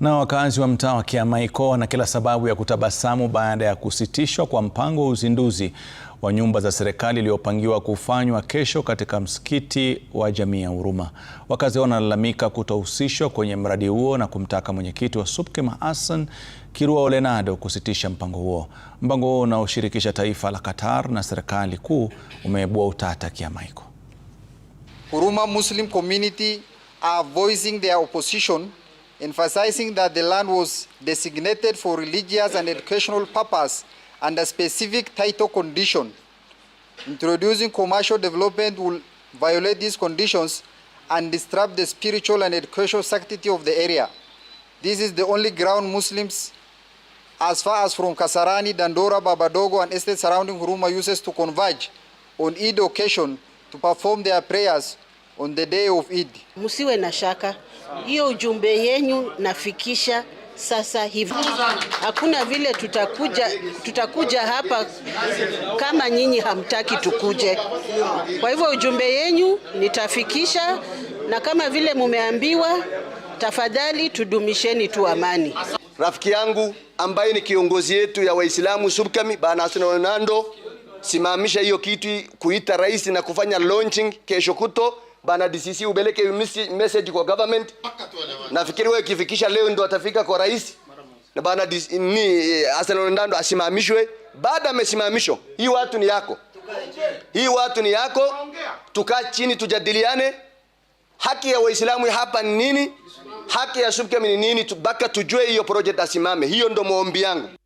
Na wakazi wa mtaa wa Kiamaiko wana kila sababu ya kutabasamu baada ya kusitishwa kwa mpango wa uzinduzi wa nyumba za serikali iliyopangiwa kufanywa kesho katika msikiti wa jamii ya Huruma. Wakazi hao wanalalamika kutohusishwa kwenye mradi huo na kumtaka mwenyekiti wa SUPKEM Hassan Kirua Olenado kusitisha mpango huo. Mpango huo unaoshirikisha taifa la Qatar na serikali kuu umeibua utata Kiamaiko. Huruma Muslim community are voicing their opposition emphasizing that the land was designated for religious and educational purpose under specific title condition. Introducing commercial development will violate these conditions and disrupt the spiritual and educational sanctity of the area. This is the only ground Muslims as far as from Kasarani, Dandora, Babadogo and estates surrounding Huruma uses to converge on each occasion to perform their prayers on the day of Eid. Msiwe na shaka, hiyo ujumbe yenyu nafikisha sasa hivi. Hakuna vile tutakuja, tutakuja hapa kama nyinyi hamtaki tukuje. Kwa hivyo ujumbe yenyu nitafikisha, na kama vile mumeambiwa, tafadhali tudumisheni tu amani. Rafiki yangu ambaye ni kiongozi yetu ya Waislamu SUBKAMI Bana Hassan Onando, simamisha hiyo kitu kuita rais na kufanya launching kesho kuto bana DCC ubeleke message kwa government. Nafikiri wewe kifikisha leo ndo atafika kwa rais na bana ni Hassan eh, ndando asimamishwe. Baada amesimamishwa, hii watu ni yako, hii watu ni yako. Tukaa chini tujadiliane, haki ya Waislamu hapa ni nini, haki ya Shubkam ni nini, mpaka tujue hiyo project asimame. Hiyo ndo maombi yangu.